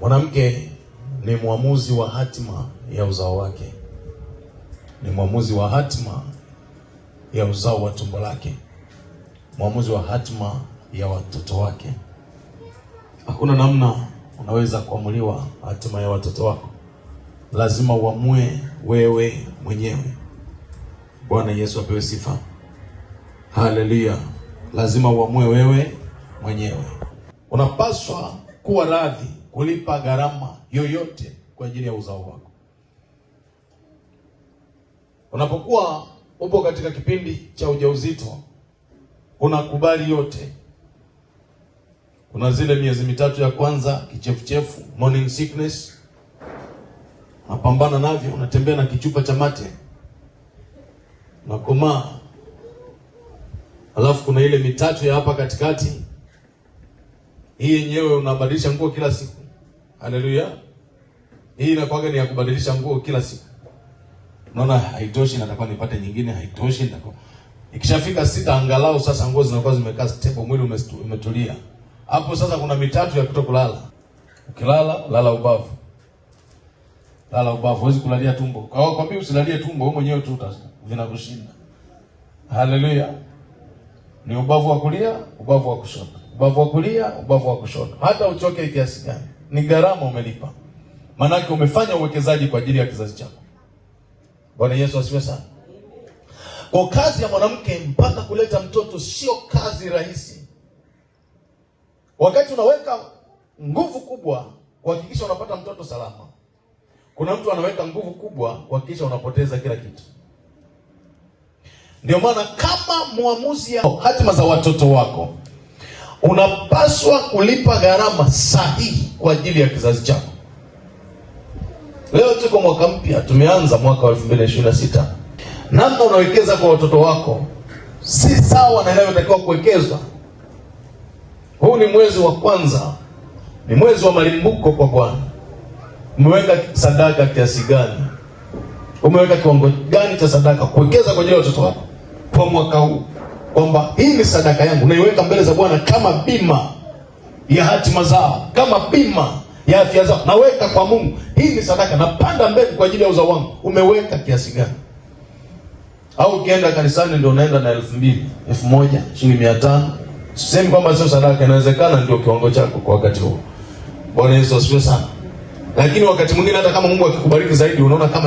Mwanamke ni mwamuzi wa hatima ya uzao wake, ni mwamuzi wa hatima ya uzao wa tumbo lake, mwamuzi wa hatima ya watoto wake. Hakuna namna unaweza kuamuliwa hatima ya watoto wako, lazima uamue wewe mwenyewe. Bwana Yesu apewe sifa, haleluya. Lazima uamue wewe mwenyewe, unapaswa kuwa radhi kulipa gharama yoyote kwa ajili ya uzao wako. Unapokuwa upo katika kipindi cha ujauzito, unakubali yote. Kuna zile miezi mitatu ya kwanza, kichefuchefu, morning sickness, unapambana navyo, unatembea na kichupa cha mate, nakomaa Alafu kuna ile mitatu ya hapa katikati, hii yenyewe unabadilisha nguo kila siku Haleluya. Hii inakuwa ni ya kubadilisha nguo kila siku. Unaona haitoshi, natakuwa nipate nyingine, haitoshi nitakuwa. Ikishafika sita angalau sasa nguo zinakuwa zimekaa stable, mwili umetulia. Hapo sasa kuna mitatu ya kutokulala. Ukilala, lala ubavu. Lala ubavu, huwezi kulalia tumbo. Kwa hiyo kwambie usilalie tumbo, wewe mwenyewe tu vinakushinda. Haleluya. Ni ubavu wa kulia, ubavu wa kushoto. Ubavu wa kulia, ubavu wa kushoto. Hata uchoke kiasi gani ni gharama umelipa, maanake umefanya uwekezaji kwa ajili ya kizazi chako. Bwana Yesu asiwe sana. Kwa kazi ya mwanamke mpaka kuleta mtoto sio kazi rahisi. Wakati unaweka nguvu kubwa kuhakikisha unapata mtoto salama, kuna mtu anaweka nguvu kubwa kuhakikisha unapoteza kila kitu. Ndio maana kama mwamuzi hatima za watoto wako unapaswa kulipa gharama sahihi kwa ajili ya kizazi chako. Leo tuko mwaka mpya, tumeanza mwaka wa 2026. Namna unawekeza kwa watoto wako si sawa na inayotakiwa kuwekezwa. Huu ni mwezi wa kwanza, ni mwezi wa malimbuko kwa Bwana. Umeweka sadaka kiasi gani? Umeweka kiwango gani cha sadaka kuwekeza kwa ajili ya watoto wako kwa mwaka huu? kwamba hii ni sadaka yangu, naiweka mbele za Bwana kama bima ya hatima zao, kama bima ya afya zao, naweka kwa Mungu. Hii ni sadaka, napanda mbegu kwa ajili ya uzao wangu. Umeweka kiasi gani? Au ukienda kanisani ndio unaenda na elfu mbili elfu moja shilingi mia tano Sisemi kwamba sio sadaka, inawezekana ndio kiwango chako kwa wakati huo. Bwana Yesu asifiwe sana. Lakini wakati mwingine hata kama Mungu akikubariki zaidi, unaona kama